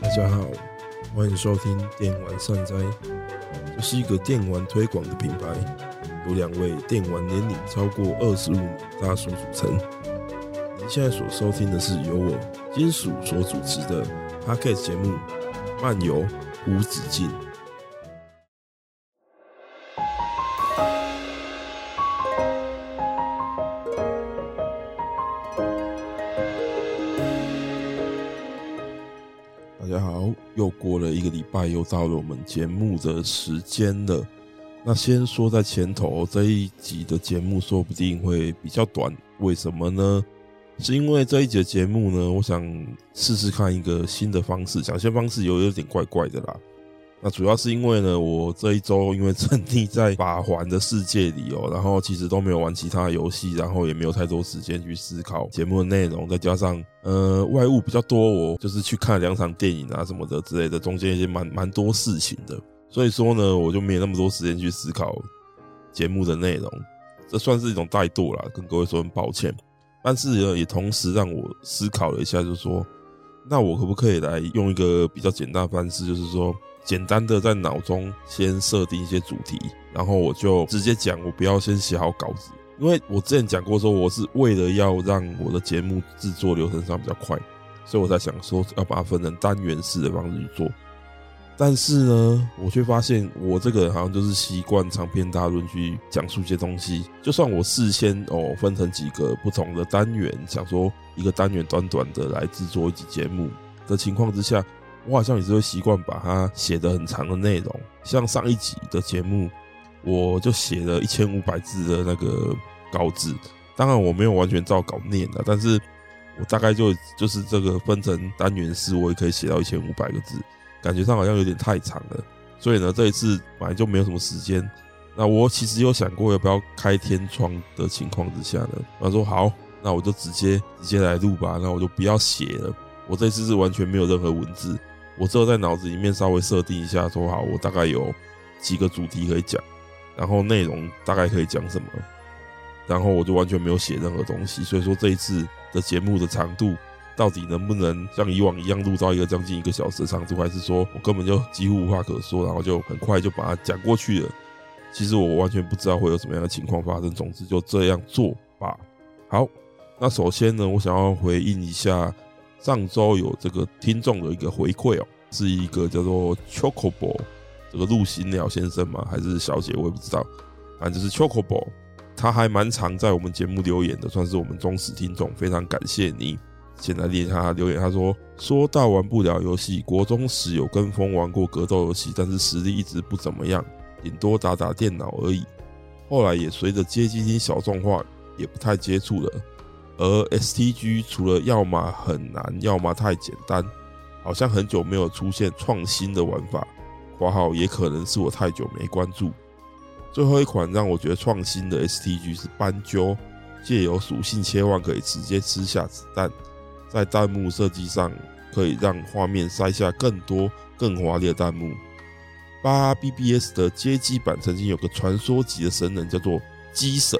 大家好，歡迎收聽電玩善哉，這是一個電玩推廣的品牌，由兩位電玩年齡超過二十五大叔組成。您現在所收聽的是由我金屬所主持的 podcast 節目《漫遊無止盡》。又到了我們節目的時間了，那先說在前頭，這一集的節目說不定會比較短，為什麼呢？是因為這一集的節目呢，我想試試看一個新的方式，講些方式有有點怪怪的啦。那主要是因為呢，我這一周因為沉溺在《法環》的世界裡哦、喔，然後其實都沒有玩其他遊戲，然後也沒有太多時間去思考節目的內容，再加上呃外務比較多，我就是去看兩場電影啊什麼的之類的，中間一些蠻蠻多事情的，所以說呢，我就沒有那麼多時間去思考節目的內容，這算是一種怠惰啦。跟各位說很抱歉，但是呢，也同時讓我思考了一下就是說，就說那我可不可以來用一個比較簡單的方式，就是說。簡單的在腦中先設定一些主題，然後我就直接講，我不要先寫好稿子，因為我之前講過說我是為了要讓我的節目制作流程上比較快，所以我才想說要把它分成單元式的方式去做。但是呢，我卻發現我這個人好像就是習慣長篇大論去講述一些東西，就算我事先哦分成幾個不同的單元，想說一個單元短短的來制作一集節目的情況之下。我好像也是會習慣把它寫得很長的內容，像上一集的節目，我就寫了一千五百字的那個稿子，當然我沒有完全照稿念啦，但是我大概就就是這個分成單元式，我也可以寫到一千五百個字，感覺上好像有點太長了，所以呢，這一次本來就沒有什麼時間，那我其實有想過要不要開天窗的情況之下呢，他說好，那我就直接直接來錄吧，那我就不要寫了，我這次是完全沒有任何文字。我只有在腦子裡面稍微設定一下，說好我大概有幾個主題可以講，然後內容大概可以講什麼，然後我就完全沒有寫任何東西。所以說這一次的節目的長度到底能不能像以往一樣錄到一個將近一個小時的長度，還是說我根本就幾乎無話可說，然後就很快就把它講過去了？其實我完全不知道會有什麼樣的情況發生。總之就這樣做吧。好，那首先呢，我想要回應一下。上周有這個聽眾的一個回饋哦，是一個叫做 Chocobo 這個陸行鳥先生嗎？還是小姐？我也不知道。反正就是 Chocobo 他還蠻常在我們節目留言的，算是我們忠實聽眾，非常感謝你。現在念一下留言，他說：“說到玩不了遊戲，國中時有跟風玩過格鬥遊戲，但是實力一直不怎麼樣，頂多打打電腦而已。後來也隨着街機廳小眾化，也不太接觸了。”而 STG 除了要麼很難，要麼太簡單，好像很久沒有出現創新的玩法。括號也可能是我太久沒關注。最後一款讓我覺得創新的 STG 是斑鳩，借由屬性切換可以直接吃下子彈，在彈幕設計上可以讓畫面塞下更多更華麗的彈幕。八 BBS 的街機版曾經有個傳說級的神人，叫做雞神。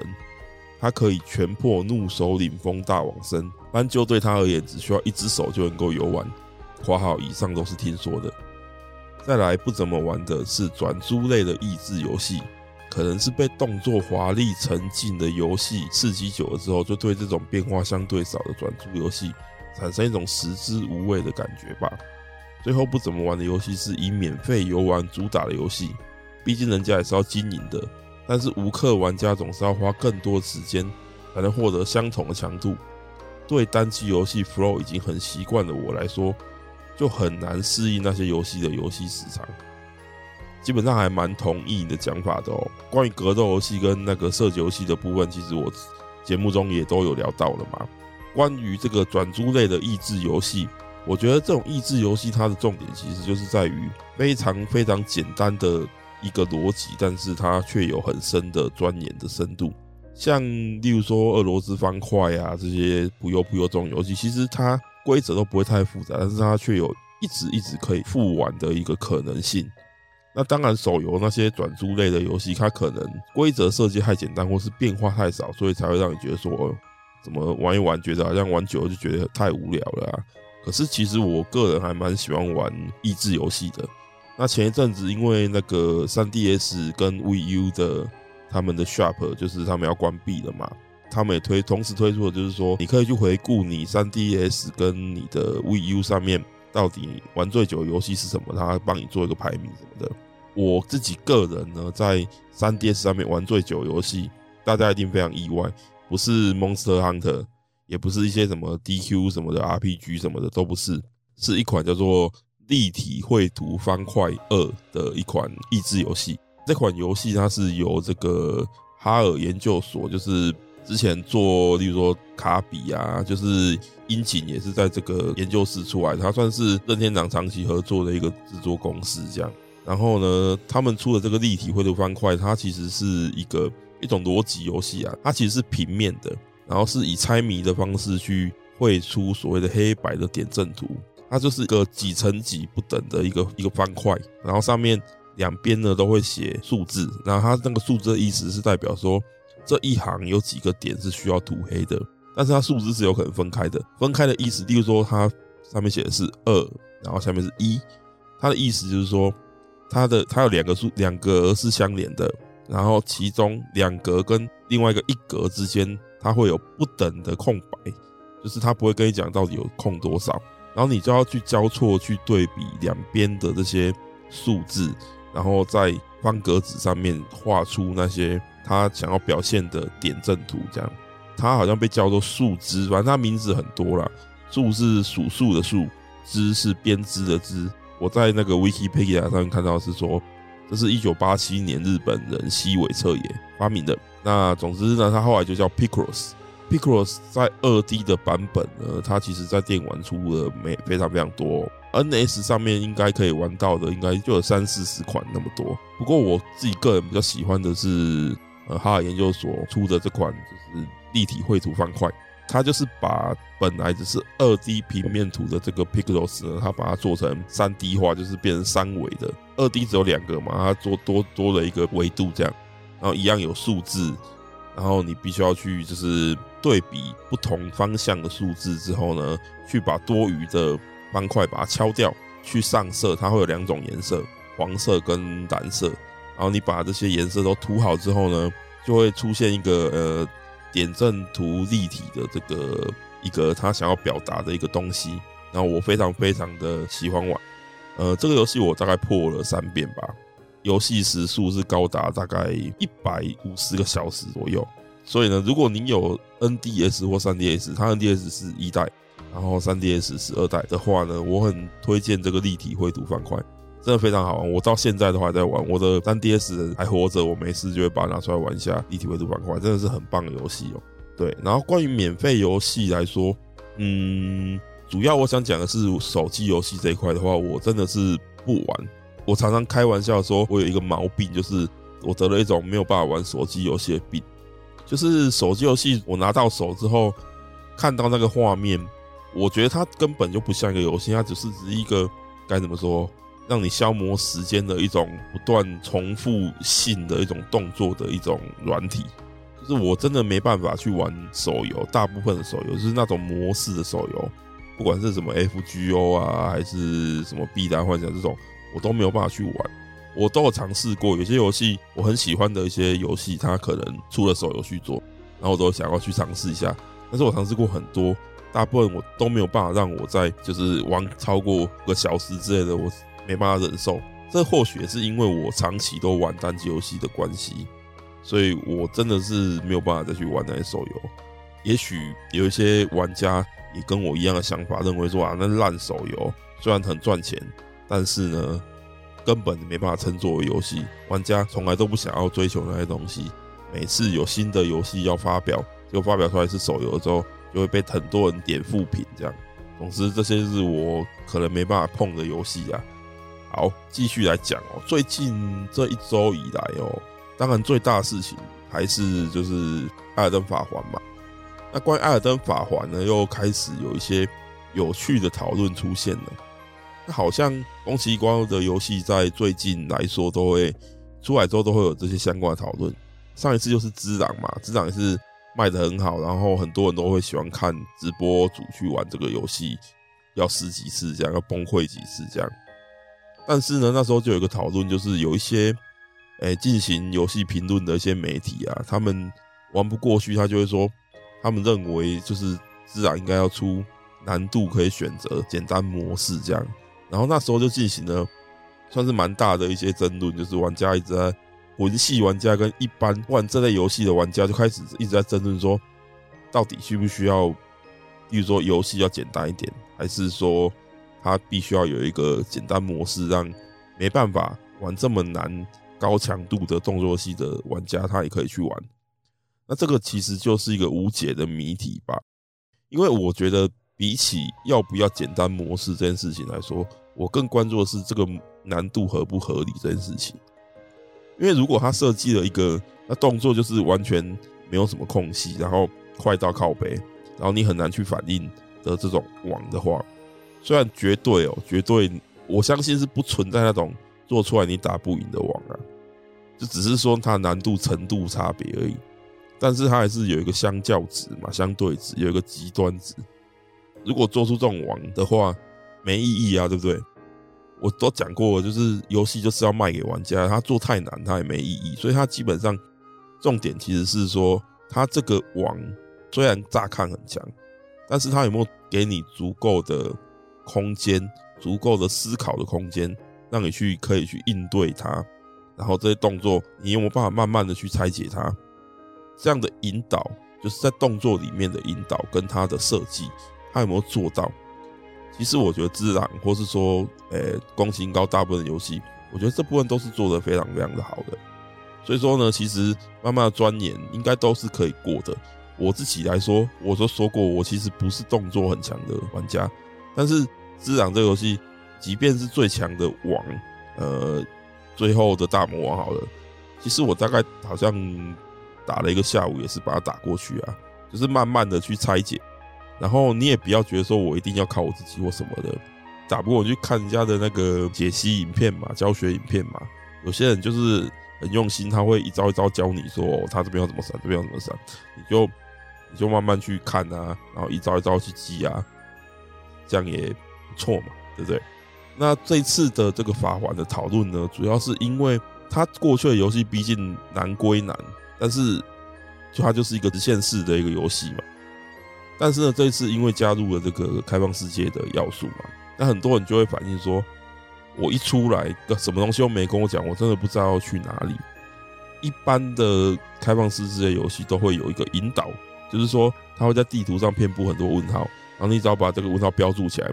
他可以全破怒首領蜂大往生，但就對他而言，只需要一隻手就能夠遊玩。括號以上都是聽說的。再來不怎麼玩的是轉珠類的益智遊戲，可能是被動作華麗、沉浸的遊戲刺激久了之後，就對這種變化相對少的轉珠遊戲產生一種食之無味的感覺吧。最後不怎麼玩的遊戲是以免費遊玩主打的遊戲，畢竟人家也是要經營的。但是無氪玩家總是要花更多的時間才能獲得相同的強度。對單機遊戲 Flow 已經很習慣的我來說，就很難適應那些遊戲的遊戲時長。基本上還蠻同意你的講法的哦。關於格鬥遊戲跟那個射擊遊戲的部分，其實我節目中也都有聊到了嘛。關於這個轉珠類的益智遊戲，我覺得這種益智遊戲它的重點其實就是在於非常非常簡單的。一個邏輯，但是它卻有很深的鑽研的深度。像例如說俄羅斯方塊啊這些ぷよぷよ這種遊戲，其實它規則都不會太複雜，但是它卻有一直一直可以複玩的一個可能性。那當然，手遊那些轉珠類的遊戲，它可能規則設計太簡單，或是變化太少，所以才會讓你覺得說怎麼玩一玩，覺得好像玩久了就覺得太無聊了啊。可是其實我個人還蠻喜歡玩益智遊戲的。那前一陣子，因為那個 3DS 跟 Wii U 的他們的 Shop 就是他們要關閉了嘛，他們也推同時推出了，就是說你可以去回顧你 3DS 跟你的 Wii U 上面到底玩最久的遊戲是什麼，他幫你做一個排名什麼的。我自己個人呢，在 3DS 上面玩最久遊戲，大家一定非常意外，不是 Monster Hunter，也不是一些什麼 DQ 什麼的 RPG 什麼的，都不是，是一款叫做立體繪圖方塊二的一款益智遊戲，這款遊戲它是由這個哈爾研究所，就是之前做，例如說卡比啊，就是櫻井也是在這個研究室出來，它算是任天堂長，長期合作的一個制作公司。這樣，然後呢，他們出的這個立體繪圖方塊，它其實是一個一種邏輯遊戲啊，它其實是平面的，然後是以猜謎的方式去繪出所謂的黑白的點陣圖。它就是一個幾乘幾不等的一個一個方塊，然後上面兩邊呢都會寫數字，然後它那個數字的意思是代表說這一行有幾個點是需要塗黑的，但是它數字是有可能分開的。分開的意思，例如說它上面寫的是二，然後下面是一，它的意思就是說它的它有兩個數兩個格是相連的，然後其中兩格跟另外一個一格之間它會有不等的空白，就是它不會跟你講到底有空多少。然後你就要去交錯去對比兩邊的這些數字，然後在方格子上面畫出那些他想要表現的點陣圖，這樣。他好像被叫做數織，反正他名字很多啦。數是數數的數，織是編織的織。我在那個 Wikipedia 上面看到的是說，這是一九八七年日本人西尾徹也發明的。那總之呢，他後來就叫 Picross Picross 在二 D 的版本呢，它其實，在電玩出的沒非常非常多。NS 上面應該可以玩到的，應該就有三四十款那麼多。不過我自己個人比較喜歡的是，呃，哈爾研究所出的這款，就是立體繪圖方塊。它就是把本來只是二 D 平面圖的這個 Picross 呢，它把它做成三 D 化，就是變成三維的。二 D 只有兩個嘛，它多多多了一個維度這樣，然後一樣有數字，然後你必須要去就是。對比不同方向的數字之後呢，去把多餘的方塊把它敲掉，去上色，它會有兩種顏色，黃色跟藍色。然後你把這些顏色都塗好之後呢，就會出現一個呃點陣圖立體的這個一個他想要表達的一個東西。然後我非常非常的喜歡玩，呃，這個遊戲我大概破了三遍吧，遊戲時數是高達大概一百五十個小時左右。所以呢，如果您有 NDS 或三 DS，它 NDS 是一代，然後三 DS 是二代的話呢，我很推薦這個立體繪圖方塊，真的非常好玩。我到現在的話還在玩，我的3 DS 還活着，我沒事就會把它拿出來玩一下立體繪圖方塊，真的是很棒的遊戲哦。對，然後關於免費遊戲來說，嗯，主要我想講的是手機遊戲這一塊的話，我真的是不玩。我常常開玩笑說，我有一個毛病，就是我得了一種沒有辦法玩手機遊戲的病。就是手機遊戲，我拿到手之後，看到那個畫面，我覺得它根本就不像一個遊戲，它只是只是一個該怎麼說，讓你消磨時間的一種不斷重複性的一種動作的一種軟體。就是我真的沒辦法去玩手遊，大部分的手遊就是那種模式的手遊，不管是什麼 FGO 啊，還是什麼《碧藍幻想》這種，我都沒有辦法去玩。我都有嘗試過，有些遊戲我很喜歡的一些遊戲，它可能出了手遊去做，然後我都想要去嘗試一下。但是我嘗試過很多，大部分我都沒有辦法讓我在就是玩超過一個小時之類的，我沒辦法忍受。這或許是因為我長期都玩單機遊戲的關係，所以我真的是沒有辦法再去玩那些手遊。也許有一些玩家也跟我一樣的想法，認為說啊，那爛手遊雖然很賺錢，但是呢。根本沒辦法稱作為遊戲玩家，從來都不想要追求那些東西。每次有新的遊戲要發表，就發表出來是手遊之後，就會被很多人點復評這樣。總之，這些是我可能沒辦法碰的遊戲啊。好，繼續來講哦、喔。最近這一周以來哦、喔，當然最大的事情還是就是《艾爾登法環》嘛。那關於《艾爾登法環》呢，又開始有一些有趣的討論出現了。那好像宮崎英高的遊戲在最近來說都會出來之後都會有這些相關的討論。上一次就是資嘛《隻狼》嘛，《隻狼》也是賣得很好，然後很多人都會喜歡看直播主去玩這個遊戲，要試幾次這樣，要崩潰幾次這樣。但是呢，那時候就有一個討論，就是有一些誒進行遊戲評論的一些媒體啊，他們玩不過去，他就會說他們認為就是《隻狼》應該要出難度可以選擇簡單模式這樣。然後那時候就進行了，算是蠻大的一些爭論，就是玩家一直在，魂系玩家跟一般玩這類遊戲的玩家就開始一直在爭論說，到底需不需要，比如說遊戲要簡單一點，還是說，它必須要有一個簡單模式，讓沒辦法玩這麼難、高強度的動作系的玩家他也可以去玩。那這個其實就是一個無解的謎題吧，因為我覺得。比起要不要簡單模式這件事情來說，我更關注的是這個難度合不合理這件事情。因為如果他設計了一個那動作就是完全沒有什麼空隙，然後快到靠北，然後你很難去反應的這種王的話，雖然絕對哦，絕對我相信是不存在那種做出來你打不贏的王啊，就只是說它難度程度差別而已。但是它還是有一個相較值嘛，相對值有一個極端值。如果做出這種王的話，沒意義啊，對不對？我都講過了，就是遊戲就是要賣給玩家，他做太難，他也沒意義。所以，他基本上重點其實是說，他這個王雖然乍看很強，但是他有沒有給你足夠的空間、足夠的思考的空間，讓你去可以去應對它？然後這些動作，你有沒有辦法慢慢的去拆解它？這樣的引導，就是在動作裡面的引導跟它的設計。他有沒有做到？其實我覺得《只狼》或是說，誒宮崎英高大部分遊戲，我覺得這部分都是做的非常非常的好的。所以說呢，其實慢慢鑽研應該都是可以過的。我自己來說，我都說過，我其實不是動作很強的玩家，但是《只狼》這個遊戲，即便是最強的王，呃，最後的大魔王好了，其實我大概好像打了一個下午，也是把它打過去啊，就是慢慢的去拆解。然後你也不要覺得說我一定要靠我自己或什麼的，打不過我去看人家的那個解析影片嘛，教學影片嘛。有些人就是很用心，他會一招一招教你說，哦，他這邊要怎麼閃，這邊要怎麼閃，你就你就慢慢去看啊，然後一招一招去記啊，這樣也不錯嘛，對不對？那這次的這個法環的討論呢，主要是因為他過去的遊戲畢竟難歸難，但是就它就是一個直線式的一個遊戲嘛。但是呢，這一次因為加入了這個開放世界的要素嘛，那很多人就會反映說，我一出來，什麼東西都沒跟我講，我真的不知道要去哪裡。一般的開放世界遊戲都會有一個引導，就是說它會在地圖上遍布很多問號，然後你只要把這個問號標注起來，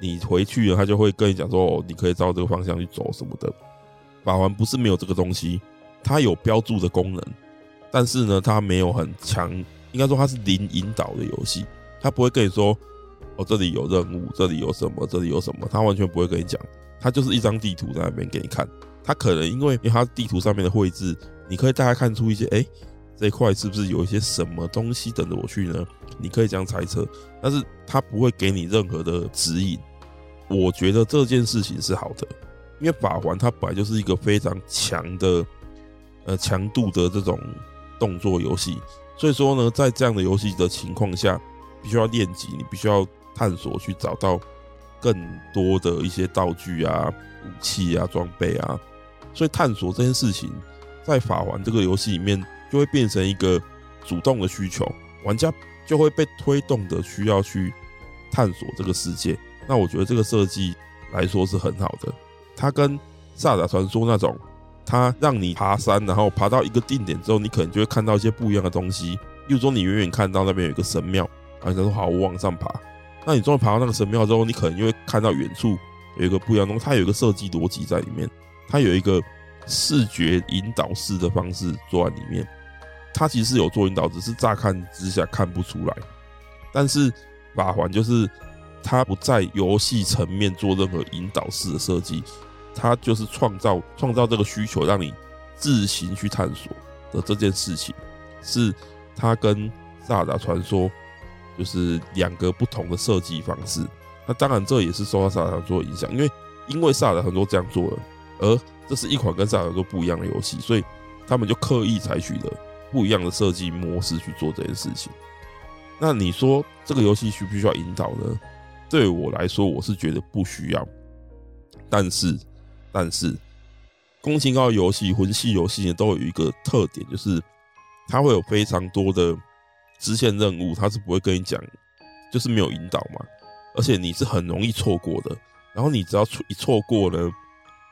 你回去了，它就會跟你講說，哦，你可以照這個方向去走什麼的。法環不是沒有這個東西，它有標注的功能，但是呢，它沒有很強。應該說它是零引導的遊戲，它不會跟你說：“哦，這裡有任務，這裡有什麼，這裡有什麼。”它完全不會跟你講，它就是一張地圖在那邊給你看。它可能因為因為它地圖上面的繪制，你可以大概看出一些，哎、欸，這一塊是不是有一些什麼東西等着我去呢？你可以這樣猜測，但是它不會給你任何的指引。我覺得這件事情是好的，因為法環它本來就是一個非常強的，呃，強度的這種動作遊戲。所以說呢，在這樣的遊戲的情況下，必須要練級，你必須要探索去找到更多的一些道具啊、武器啊、裝備啊。所以探索這件事情，在法環這個遊戲裡面就會變成一個主動的需求，玩家就會被推動的需要去探索這個世界。那我覺得這個設計來說是很好的，它跟《薩達傳說》那種。它讓你爬山，然後爬到一個定點之後，你可能就會看到一些不一樣的東西。例如說，你遠遠看到那邊有一個神廟，然後就說：“好，我往上爬。”那你終於爬到那個神廟之後，你可能就會看到遠處有一個不一樣的東西。它有一個設計邏輯在裡面，它有一個視覺引導式的方式做在裡面。它其實是有做引導，只是乍看之下看不出來。但是法環就是它不在遊戲層面做任何引導式的設計。他就是創造創造這個需求，讓你自行去探索的這件事情，是他跟《薩爾達傳說》就是兩個不同的設計方式。那當然，這也是受到《薩爾達傳說》的影響，因為因為《薩爾達》很多這樣做了，而這是一款跟《薩爾達》都不一樣的遊戲，所以他們就刻意採取了不一樣的設計模式去做這件事情。那你說這個遊戲需不需要引導呢？對我來說，我是覺得不需要，但是。但是，宮崎英高遊戲、魂系遊戲裡面都有一個特點，就是它會有非常多的支線任務，它是不會跟你講，就是沒有引導嘛。而且你是很容易錯過的。然後你只要錯一錯過呢，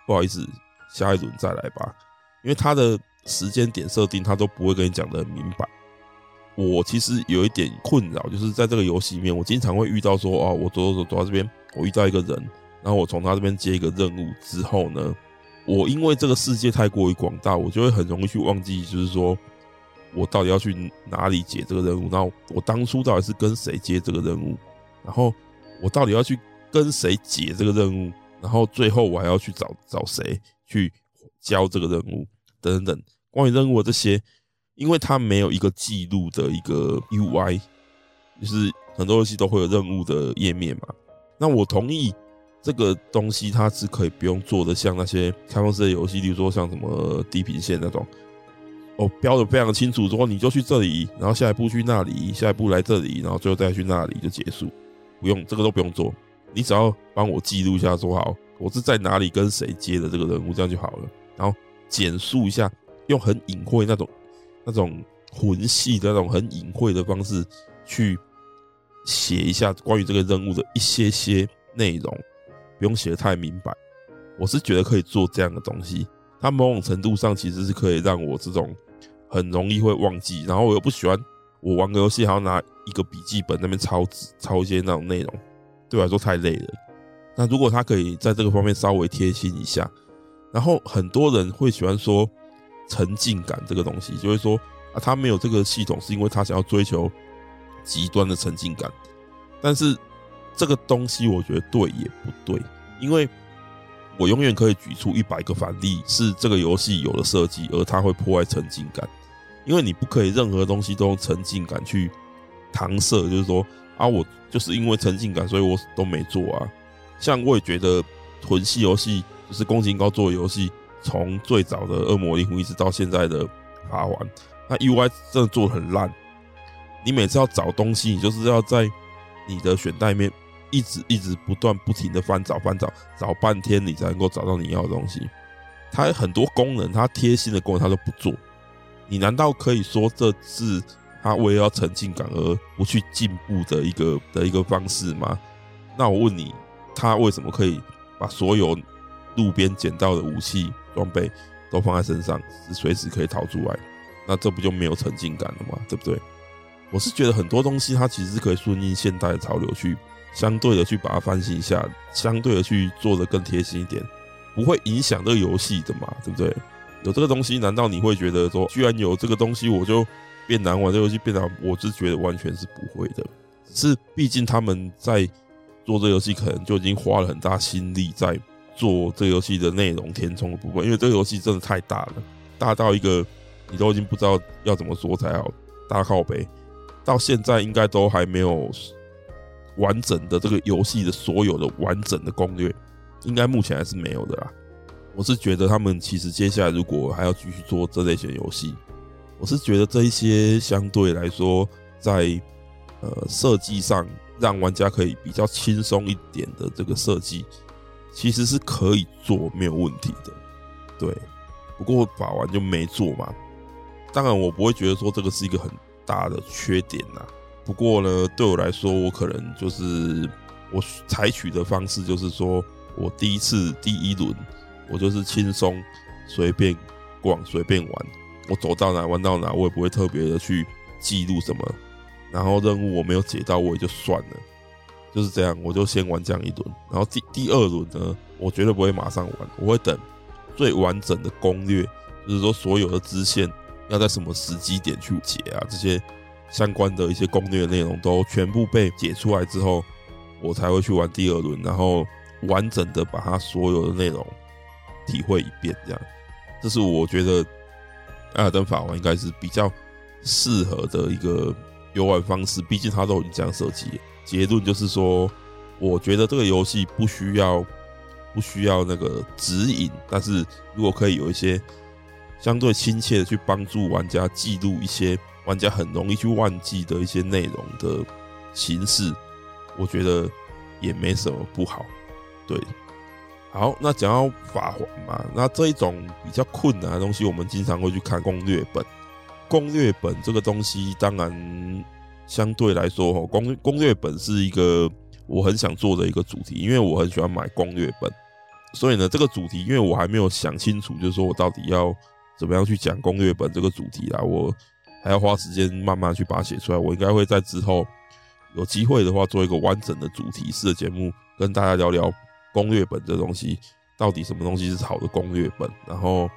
不好意思，下一輪再來吧。因為它的時間點設定，它都不會跟你講的很明白。我其實有一點困擾，就是在這個遊戲裡面，我經常會遇到說啊、哦，我走走走走到這邊，我遇到一個人。然後我從他這邊接一個任務之後呢，我因為這個世界太過於廣大，我就會很容易去忘記，就是說我到底要去哪裡解這個任務，然後我當初到底是跟誰接這個任務，然後我到底要去跟誰解這個任務，然後最後我還要去找找誰去交這個任務等等等。關於任務的這些，因為它沒有一個記錄的一個 UI，就是很多遊戲都會有任務的頁面嘛。那我同意。這個東西它是可以不用做的，像那些開放式的遊戲，比如說像什麼《地平線》那種，哦，標的非常清楚之後，你就去這裡，然後下一步去那裡，下一步來這裡，然後最後再去那裡就結束，不用這個都不用做，你只要幫我記錄一下，說好我是在哪裡跟誰接的這個任務，這樣就好了。然後簡述一下，用很隱晦那種、那種魂系的那種很隱晦的方式去寫一下關於這個任務的一些些內容。不用寫的太明白，我是覺得可以做這樣的東西。它某種程度上其實是可以讓我這種很容易會忘記，然後我又不喜歡我玩個遊戲還要拿一個筆記本那邊抄抄一些那種內容，對我來說太累了。那如果他可以在這個方面稍微貼心一下，然後很多人會喜歡說沉浸感這個東西，就會說啊，他沒有這個系統是因為他想要追求極端的沉浸感，但是。.這個東西我覺得對也不對，因為我永遠可以舉出一百個反例，是這個遊戲有了設計，而它會破壞沉浸感。因為你不可以任何東西都用沉浸感去搪塞，就是說啊，我就是因為沉浸感，所以我都沒做啊。像我也覺得魂系遊戲，就是宮崎英高做的遊戲，從最早的《惡魔靈魂》一直到現在的法環《法環》，那 UI 真的做的很爛。你每次要找東西，你就是要在你的選單面。一直一直不斷不停的翻找翻找，找半天，你才能夠找到你要的東西。它有很多功能，它貼心的功能它都不做。你難道可以說，這是它為了要沉浸感而不去進步的一個的一個方式嗎？那我問你，它為什麼可以把所有路邊撿到的武器裝備都放在身上，是隨時可以逃出來？那這不就沒有沉浸感了嗎？對不對？我是覺得很多東西它其實是可以順應現代的潮流去。相對的去把它翻新一下，相對的去做的更貼心一點，不會影響這個遊戲的嘛，對不對？有這個東西，難道你會覺得說，居然有這個東西，我就變難玩？這個遊戲變難？我是覺得完全是不會的。是，畢竟他們在做這個遊戲，可能就已經花了很大心力在做這個遊戲的內容填充的部分，因為這個遊戲真的太大了，大到一個你都已經不知道要怎麼說才好。大靠北到現在應該都還沒有。完整的這個遊戲的所有的完整的攻略，應該目前還是沒有的啦。我是覺得他們其實接下來如果還要繼續做這類型遊戲，我是覺得這一些相對來說在呃設計上讓玩家可以比較輕鬆一點的這個設計，其實是可以做沒有問題的。對，不過把玩就沒做嘛。當然，我不會覺得說這個是一個很大的缺點啦。不過呢，對我來說，我可能就是我採取的方式，就是說我第一次第一輪，我就是輕鬆隨便逛隨便玩，我走到哪玩到哪，我也不會特別的去記錄什麼。然後任務我沒有解到，我也就算了，就是這樣，我就先玩這樣一輪。然後第第二輪呢，我絕對不會馬上玩，我會等最完整的攻略，就是說所有的支線要在什麼時機點去解啊這些。相關的一些攻略的內容都全部被解出來之後，我才會去玩第二輪，然後完整的把它所有的內容體會一遍。這樣，這是我覺得艾爾登法環應該是比較適合的一個遊玩方式。畢竟它都已經這樣設計。結論就是說，我覺得這個遊戲不需要不需要那個指引，但是如果可以有一些相對親切的去幫助玩家記錄一些。玩家很容易去忘記的一些內容的形式，我覺得也沒什麼不好。對，好，那講到法環嘛，那這一種比較困難的東西，我們經常會去看攻略本。攻略本這個東西，當然相對來說，攻攻略本是一個我很想做的一個主題，因為我很喜歡買攻略本。所以呢，這個主題，因為我還沒有想清楚，就是說我到底要怎麼樣去講攻略本這個主題啦，我。還要花時間慢慢去把它寫出來。我應該會在之後有機會的話，做一個完整的主題式的節目，跟大家聊聊攻略本這東西，到底什麼東西是好的攻略本，然後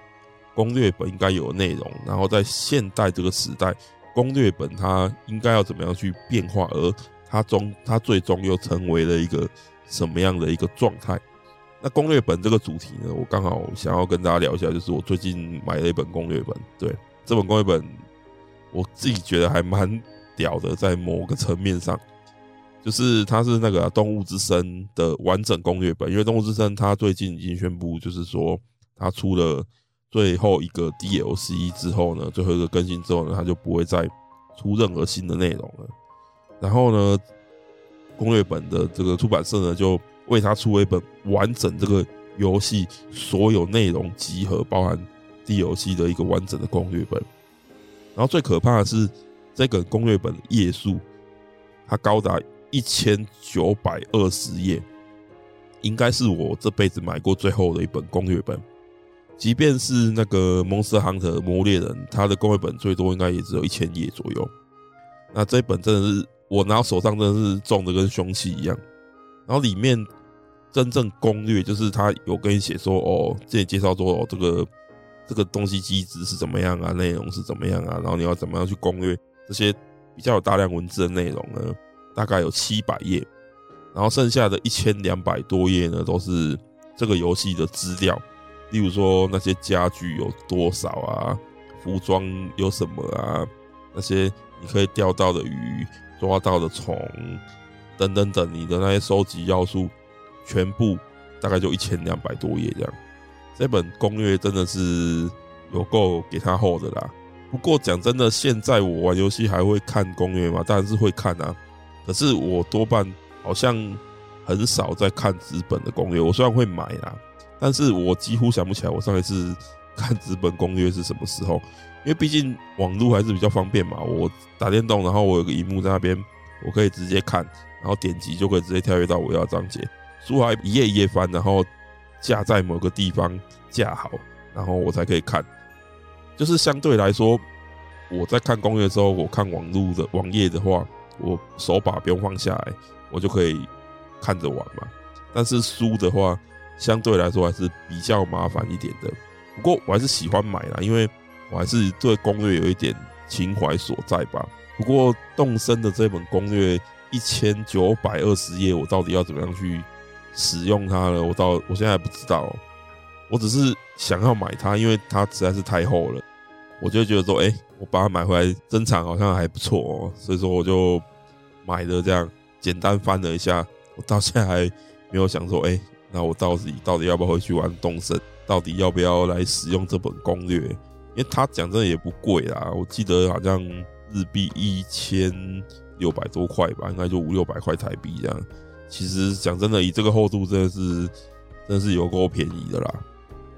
攻略本應該有的內容，然後在現代這個時代，攻略本它應該要怎麼樣去變化，而它中它最終又成為了一個什麼樣的一個狀態？那攻略本這個主題呢，我剛好想要跟大家聊一下，就是我最近買了一本攻略本，對，這本攻略本。我自己覺得還蠻屌的，在某個層面上，就是它是那個、啊《動物之森》的完整攻略本，因為《動物之森》它最近已經宣布，就是說它出了最後一個 DLC 之後呢，最後一個更新之後呢，它就不會再出任何新的內容了。然後呢，攻略本的這個出版社呢，就為它出了一本完整這個遊戲所有內容集合，包含 DLC 的一個完整的攻略本。然後最可怕的是，是這個攻略本頁數，它高達一千九百二十頁，應該是我這輩子買過最厚的一本攻略本。即便是那個《蒙斯杭特魔獵人》，他的攻略本最多應該也只有一千頁左右。那這本真的是我拿到手上，真的是重的跟兇器一樣。然後裡面真正攻略，就是他有跟你寫說，哦，之前介紹說，哦，這個。這個東西機制是怎麼樣啊？內容是怎麼樣啊？然後你要怎麼樣去攻略這些比較有大量文字的內容呢？大概有七百頁，然後剩下的一千兩百多頁呢，都是這個遊戲的資料，例如說那些家具有多少啊，服裝有什麼啊，那些你可以釣到的魚、抓到的蟲等等等，你的那些收集要素，全部大概就一千兩百多頁這樣。這本攻略真的是有夠給他 Hold 的啦！不過講真的，現在我玩遊戲還會看攻略嗎？當然是會看啊。可是我多半好像很少在看紙本的攻略。我雖然會買啦，但是我幾乎想不起來我上一次看紙本攻略是什麼時候。因為畢竟網絡還是比較方便嘛，我打電動，然後我有個熒幕在那邊，我可以直接看，然後點擊就可以直接跳躍到我要的章節。書還一頁一頁翻，然後。架在某個地方架好，然後我才可以看。就是相對來說，我在看攻略的時候，我看網路的網頁的話，我手把不用放下來，我就可以看着玩嘛。但是書的話，相對來說還是比較麻煩一點的。不過我還是喜歡買了，因為我還是對攻略有一點情懷所在吧。不過動森的這本攻略一千九百二十頁，我到底要怎麼樣去使用它了，我到我現在還不知道、喔，我只是想要買它，因為它實在是太厚了，我就覺得說，哎、欸，我把它買回來珍藏好像還不錯、喔，所以說我就買了這樣，簡單翻了一下，我到現在還沒有想說，哎、欸，那我到底到底要不要回去玩動森，到底要不要來使用這本攻略，因為它講真的也不貴啦，我記得好像日幣一千六百多塊吧，應該就五六百塊台幣這樣。其實講真的，以這個厚度真的是，真的是有夠便宜的啦。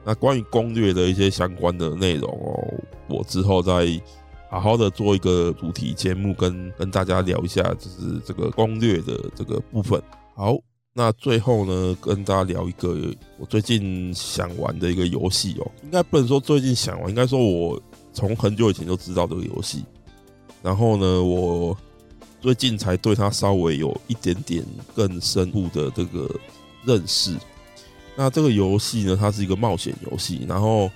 那關於攻略的一些相關的內容哦、喔，我之後再好好的做一個主題節目跟，跟跟大家聊一下，就是這個攻略的這個部分。好，那最後呢，跟大家聊一個我最近想玩的一個遊戲哦，應該不能說最近想玩，應該說我從很久以前就知道這個遊戲。然後呢，我。最近才對它稍微有一點點更深入的這個認識。那這個遊戲呢，它是一個冒險遊戲。然後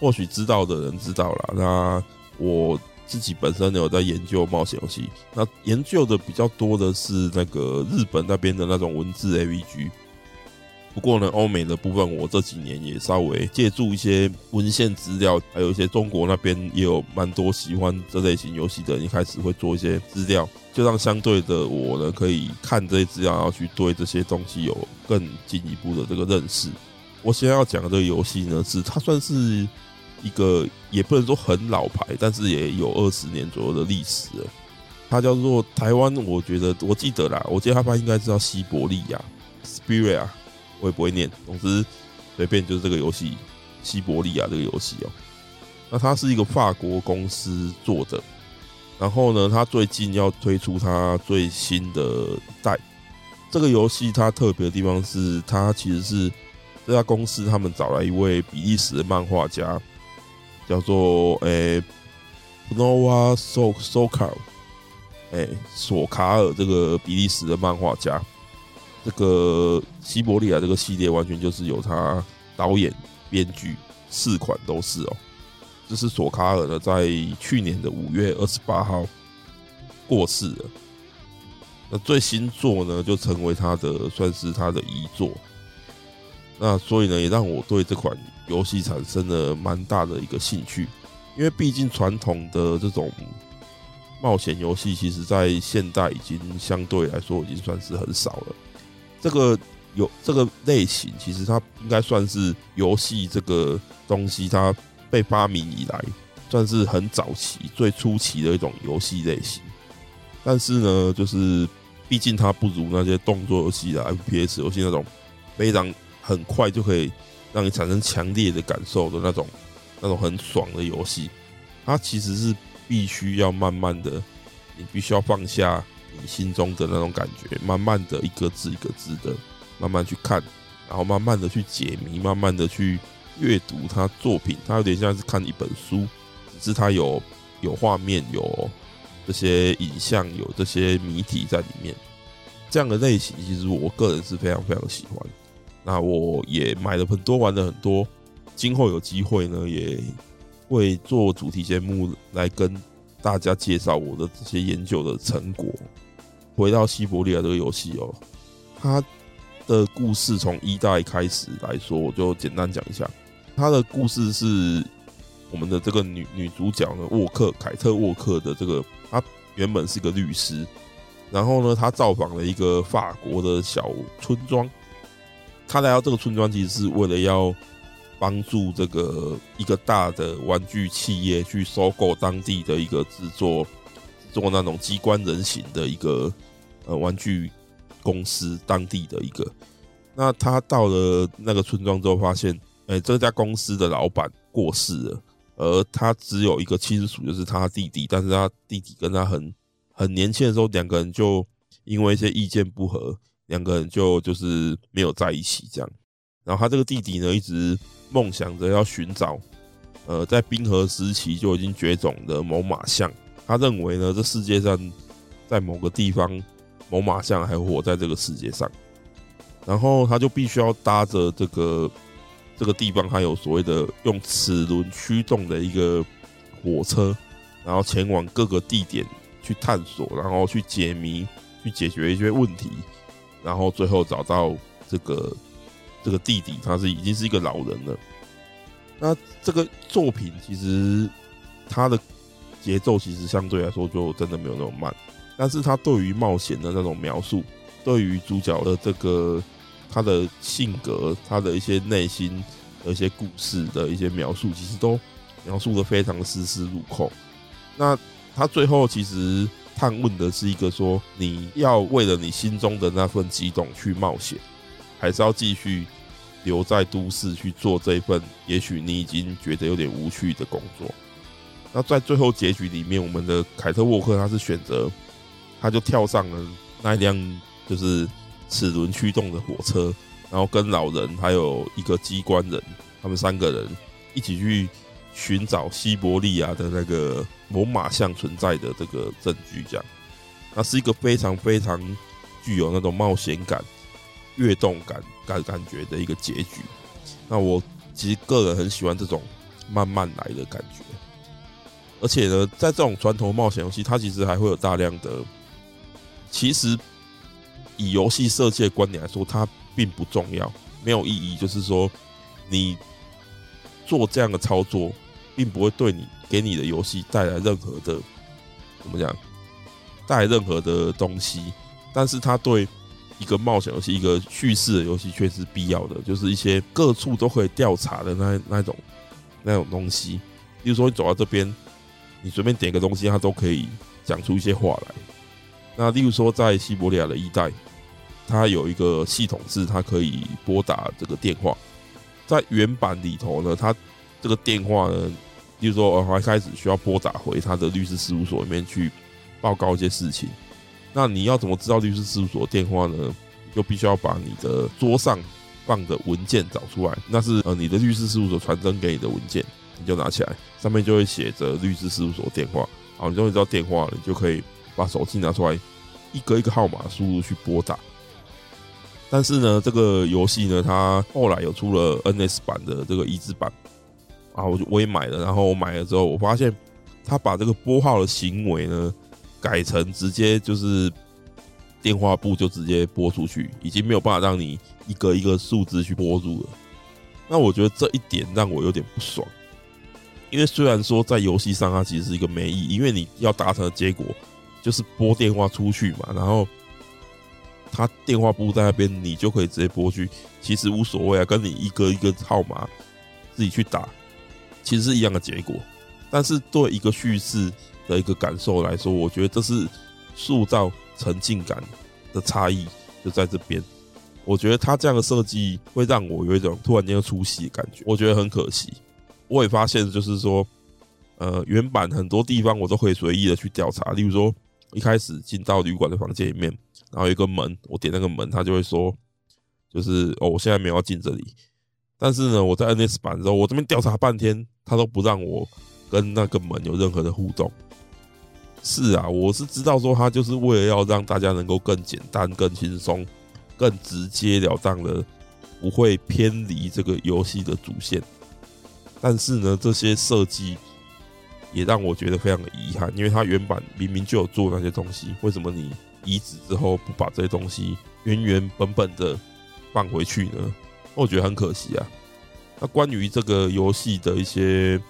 或許知道的人知道啦。那我自己本身有在研究冒險遊戲，那研究的比較多的是那個日本那邊的那種文字 AVG。不過呢，歐美的部分，我這幾年也稍微借助一些文獻資料，還有一些中國那邊也有蠻多喜歡這類型遊戲的人一開始會做一些資料，就讓相對的我呢可以看這些資料，然後去對這些東西有更進一步的這個認識。我想要講的這個遊戲呢，是它算是一個也不能說很老牌，但是也有二十年左右的歷史了。它叫做台灣，我覺得我記得啦，我記得它應該叫西伯利亞 Syberia 啊。Syberia, 我也不會念，總之隨便就是這個遊戲《西伯利亞》這個遊戲哦。那它是一個法國公司做的，然後呢，它最近要推出它最新的代。這個遊戲它特別的地方是，它其實是這家公司他們找來一位比利時的漫畫家，叫做誒 Benoît Sokal 誒，索卡爾這個比利時的漫畫家。這個西伯利亞這個系列完全就是由他導演、編劇，四款都是哦。這是索卡爾呢，在去年的五月二十八號過世了。那最新作呢，就成為他的算是他的遺作。那所以呢，也讓我對這款遊戲產生了蠻大的一個興趣，因為畢竟傳統的這種冒險遊戲，其實，在現代已經相對來說已經算是很少了。這個遊，這個類型，其實它應該算是遊戲這個東西它被發明以來，算是很早期，最初期的一種遊戲類型。但是呢，就是畢竟它不如那些動作遊戲啦，FPS 遊戲那種非常很快就可以讓你產生強烈的感受的那種、那種很爽的遊戲。它其實是必須要慢慢的，你必須要放下，心中的那種感覺，慢慢的一個字一個字的慢慢去看，然後慢慢的去解謎，慢慢的去閱讀他作品，他有點像是看一本書，只是他有有畫面，有這些影像，有這些謎題在裡面。這樣的類型，其實我個人是非常非常的喜歡。那我也買了很多，玩了很多，今後有機會呢，也會做主題節目來跟大家介紹我的這些研究的成果。回到《西伯利亞》這個遊戲哦，它的故事從一代開始來說，我就簡單講一下。它的故事是我們的這個女女主角呢，沃克，凱特沃克的這個，她原本是個律師，然後呢，她造訪了一個法國的小村莊。他來到這個村莊，其實是為了要幫助這個一個大的玩具企業去收購當地的一個製作做那種機關人形的一個。呃，玩具公司當地的一個，那他到了那個村莊之後，發現，哎、欸，這家公司的老闆過世了，而他只有一個親屬，就是他弟弟，但是他弟弟跟他很很年輕的時候，兩個人就因為一些意見不合，兩個人就就是沒有在一起這樣。然後他這個弟弟呢，一直夢想着要尋找，呃，在冰河時期就已經絕種的猛獁象，他認為呢，這世界上在某個地方。猛獁象還活在這個世界上，然後他就必須要搭着這個這個地方，還有所謂的用齒輪驅動的一個火車，然後前往各個地點去探索，然後去解謎，去解決一些問題，然後最後找到這個這個弟弟，他是已經是一個老人了。那這個作品其實他的節奏其實相對來說就真的沒有那麼慢。但是他對於冒險的那種描述，對於主角的這個他的性格，他的一些內心，的一些故事的一些描述，其實都描述得非常絲絲入扣。那他最後其實探問的是一個說：你要為了你心中的那份激動去冒險，還是要繼續留在都市去做這份也許你已經覺得有點無趣的工作？那在最後結局裡面，我們的凱特沃克他是選擇。他就跳上了那一輛就是齒輪驅動的火車，然後跟老人還有一個機關人，他們三個人一起去尋找西伯利亞的那個猛獁象存在的這個證據。這樣，那是一個非常非常具有那種冒險感、躍動感感感覺的一個結局。那我其實個人很喜歡這種慢慢來的感覺，而且呢，在這種傳統冒險遊戲，它其實還會有大量的。其實，以遊戲設計的觀點來說，它並不重要，沒有意義。就是說，你做這樣的操作，並不會對你給你的遊戲帶來任何的怎麼講，帶來任何的東西。但是，它對一個冒險遊戲、一個敘事的遊戲卻是必要的，就是一些各處都可以調查的那那種那種東西。比如說，你走到這邊，你隨便點個東西，它都可以講出一些話來。那例如說，在西伯利亞的一代，它有一個系統是，它可以撥打這個電話。在原版裡頭呢，它這個電話呢，例如說，呃，還開始需要撥打回他的律師事務所裡面去報告一些事情。那你要怎麼知道律師事務所電話呢？你就必須要把你的桌上放的文件找出來，那是呃你的律師事務所傳真給你的文件，你就拿起來，上面就會寫着律師事務所電話。好，你就會知道電話了，你就可以。把手機拿出來，一個一個號碼輸入去撥打。但是呢，這個遊戲呢，它後來有出了 NS 版的這個移植版啊，我就我也買了。然後我買了之後，我發現它把這個撥號的行為呢，改成直接就是電話簿就直接撥出去，已經沒有辦法讓你一個一個數字去撥入了。那我覺得這一點讓我有點不爽，因為雖然說在遊戲上它其實是一個沒意義，因為你要達成的結果。就是撥電話出去嘛，然後他電話簿在那邊，你就可以直接撥去。其實無所謂啊，跟你一個一個號碼自己去打，其實是一樣的結果。但是對一個敘事的一個感受來說，我覺得這是塑造沉浸感的差異就在這邊。我覺得他這樣的設計會讓我有一種突然間要出戲的感覺，我覺得很可惜。我也發現，就是說，呃，原版很多地方我都可以隨意的去調查，例如說。一開始進到旅館的房間裡面，然後有一個門，我點那個門，他就會說，就是哦，我現在沒有要進這裡。但是呢，我在 NS 版的時候，我這邊調查半天，他都不讓我跟那個門有任何的互動。是啊，我是知道說他就是為了要讓大家能夠更簡單、更輕鬆、更直截了當的，不會偏離這個遊戲的主線。但是呢，這些設計。也讓我覺得非常的遺憾，因為它原版明明就有做那些東西，為什麼你移植之後不把這些東西原原本本的放回去呢？我覺得很可惜啊。那關於這個遊戲的一些，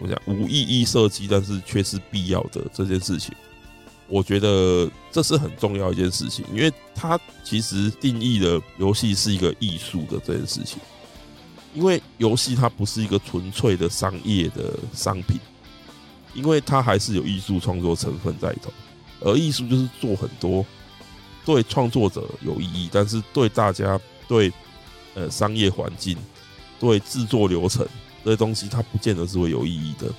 我想講，無意義設計，但是卻是必要的這件事情，我覺得這是很重要一件事情，因為它其實定義了遊戲是一個藝術的這件事情，因為遊戲它不是一個純粹的商業的商品。因為它還是有藝術創作成分在裡頭，而藝術就是做很多對創作者有意義，但是對大家、對呃商業環境、對製作流程這些東西，它不見得是會有意義的。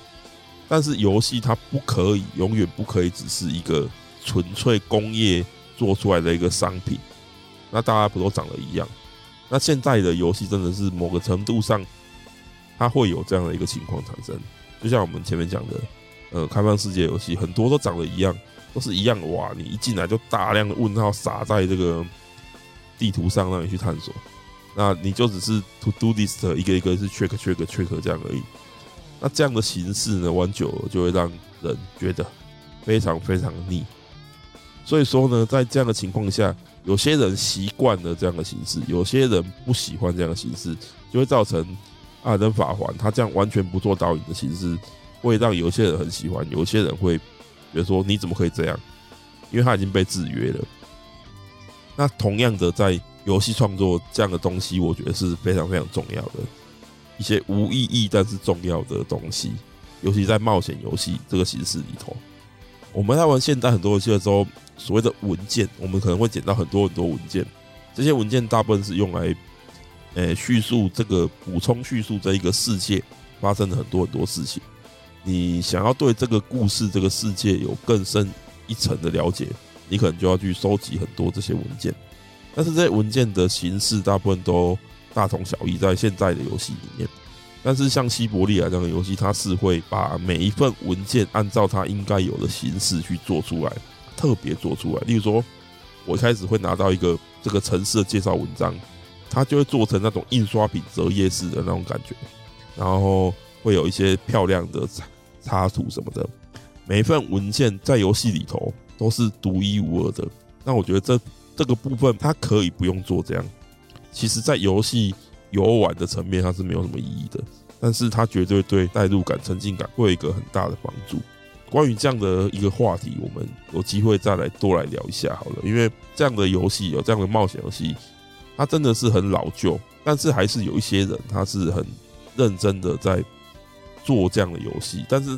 但是遊戲它不可以，永遠不可以只是一個純粹工業做出來的一個商品，那大家不都長得一樣？那現在的遊戲真的是某個程度上，它會有這樣的一個情況產生，就像我們前面講的。呃，開放世界遊戲很多都長得一樣，都是一樣的，哇，你一進來就大量的問號撒在這個地圖上，讓你去探索。那你就只是 to do list 一,一個一個是 check check check 這樣而已。那這樣的形式呢，玩久了就會讓人覺得非常非常膩。所以說呢，在這樣的情況下，有些人習慣了這樣的形式，有些人不喜歡這樣的形式，就會造成《艾爾登法環》他這樣完全不做導引的形式，會讓有些人很喜歡，有些人會覺得說，你怎麼可以這樣？因為他已經被制約了。那同樣的，在遊戲創作這樣的東西，我覺得是非常非常重要的，一些無意義但是重要的東西，尤其在冒險遊戲這個形式裡頭。我們在玩現代很多遊戲的時候，所謂的文件，我們可能會撿到很多很多文件，這些文件大部分是用來，呃、欸，敘述這個補充敘述這一個世界發生了很多很多事情。你想要對這個故事、這個世界有更深一層的了解，你可能就要去收集很多這些文件。但是這些文件的形式大部分都大同小異，在現在的遊戲裡面。但是像《西伯利亞》這樣的遊戲，它是會把每一份文件按照它應該有的形式去做出來，特別做出來。例如說，我一開始會拿到一個這個城市的介紹文章，它就會做成那種印刷品折頁式的那種感覺，然後會有一些漂亮的彩。插圖什麼的，每一份文件在遊戲裡頭都是獨一無二的。那我覺得這這個部分它可以不用做這樣。其實，在遊戲遊玩的層面，它是沒有什麼意義的。但是，它絕對對代入感、沉浸感會有一個很大的幫助。關於這樣的一個話題，我們有機會再來多來聊一下好了。因為這樣的遊戲，有這樣的冒險遊戲，它真的是很老舊，但是還是有一些人，他是很認真的在。做這樣的遊戲，但是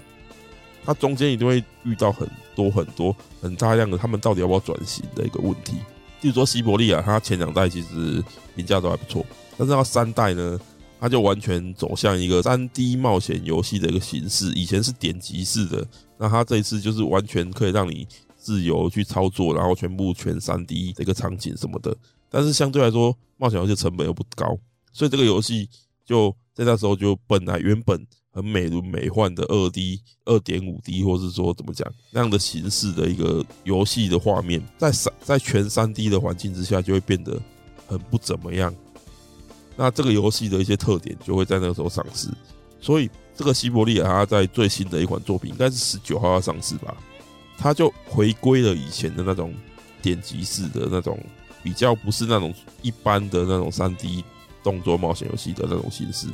它中間一定會遇到很多很多很大量的他們到底要不要轉型的一個問題。比如說西伯利亞，它前兩代其實評價都還不錯，但是到三代呢，它就完全走向一個三 D 冒險遊戲的一個形式。以前是點擊式的，那它這一次就是完全可以讓你自由去操作，然後全部全三 D 的一個場景什麼的。但是相對來說，冒險遊戲成本又不高，所以這個遊戲就在那時候就本來原本。很美輪美奐的二 D、二點五 D，或者是說怎麼講那樣的形式的一個遊戲的畫面，在三在全三 D 的環境之下，就會變得很不怎麼樣。那這個遊戲的一些特點就會在那個時候上市。所以，這個《西伯利亞》它在最新的一款作品，應該是十九號要上市吧？它就回歸了以前的那種點擊式的那種，比較不是那種一般的那種三 D 動作冒險遊戲的那種形式。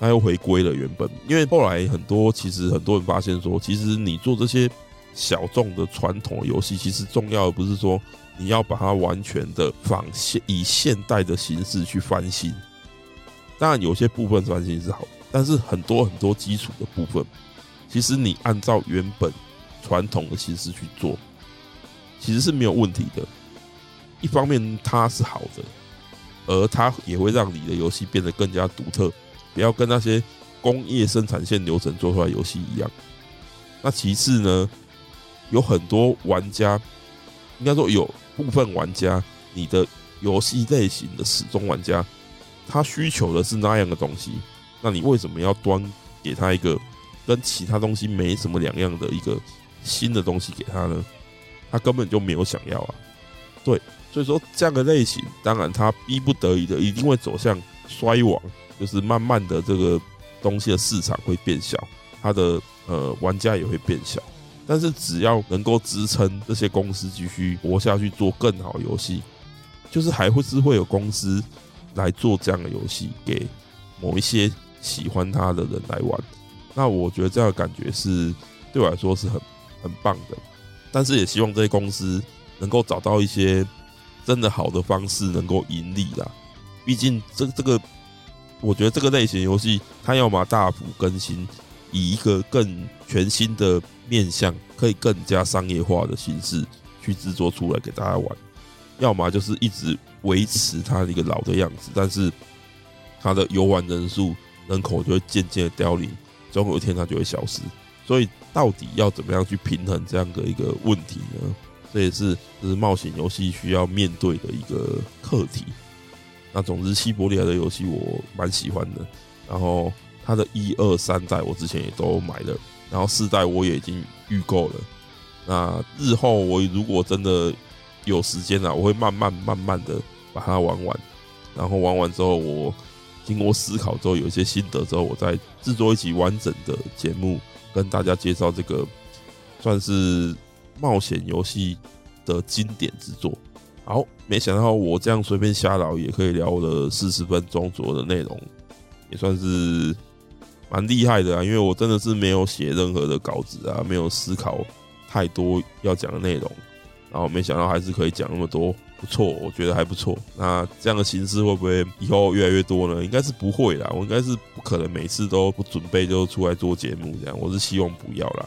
他又回歸了原本，因為後來很多其實很多人發現說，其實你做這些小眾的傳統遊戲，其實重要的不是說你要把它完全的仿現以現代的形式去翻新。當然，有些部分翻新是好，但是很多很多基礎的部分，其實你按照原本傳統的形式去做，其實是沒有問題的。一方面，它是好的，而它也會讓你的遊戲變得更加獨特。不要跟那些工業生產線流程做出來遊戲一樣。那其次呢，有很多玩家，應該說有部分玩家，你的遊戲類型的始終玩家，他需求的是那樣的東西，那你為什麼要端給他一個跟其他東西沒什麼兩樣的一個新的東西給他呢？他根本就沒有想要啊。對，所以說這樣的類型，當然他逼不得已的一定會走向。衰亡，就是慢慢的，這個東西的市場會變小，它的呃玩家也會變小。但是只要能夠支撐這些公司繼續活下去，做更好的遊戲，就是還會是會有公司來做這樣的遊戲，給某一些喜歡它的人來玩。那我覺得這樣的感覺是對我來說是很很棒的。但是也希望這些公司能夠找到一些真的好的方式能夠盈利啦。畢竟這，這這個，我覺得這個類型遊戲，它要麼大幅更新，以一個更全新的面向，可以更加商業化的形式去製作出來給大家玩；要麼就是一直維持它的一個老的樣子，但是它的遊玩人數人口就會漸漸的凋零，總有一天它就會消失。所以，到底要怎麼樣去平衡這樣的一個問題呢？這也是就是冒險遊戲需要面對的一個課題。那總之，西伯利亞的遊戲我蠻喜歡的，然後它的一二三代我之前也都買了，然後四代我也已經預購了。那日後我如果真的有時間了，我會慢慢慢慢的把它玩完，然後玩完之後，我經過思考之後，有一些心得之後，我再制作一集完整的節目，跟大家介紹這個算是冒險遊戲的經典之作。好，沒想到我這樣隨便瞎聊也可以聊了四十分鐘左右的內容，也算是蠻厲害的啊！因為我真的是沒有寫任何的稿子啊，沒有思考太多要講的內容，然後沒想到還是可以講那麼多，不錯，我覺得還不錯。那這樣的形式會不會以後越來越多呢？應該是不會啦，我應該是不可能每次都不準備就出來做節目這樣，我是希望不要啦。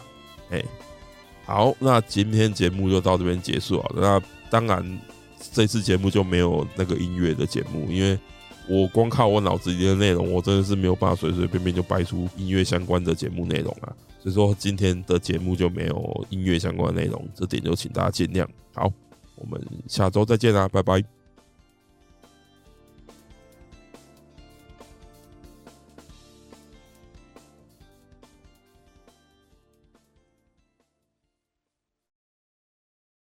誒，好，那今天節目就到這邊結束啊。那當然。這次節目就沒有那個音樂的節目，因為我光靠我腦子裡的內容，我真的是沒有辦法隨隨便便就掰出音樂相關的節目內容啊，所以說今天的節目就沒有音樂相關的內容，這點就請大家見諒。好，我們下周再見啦，拜拜。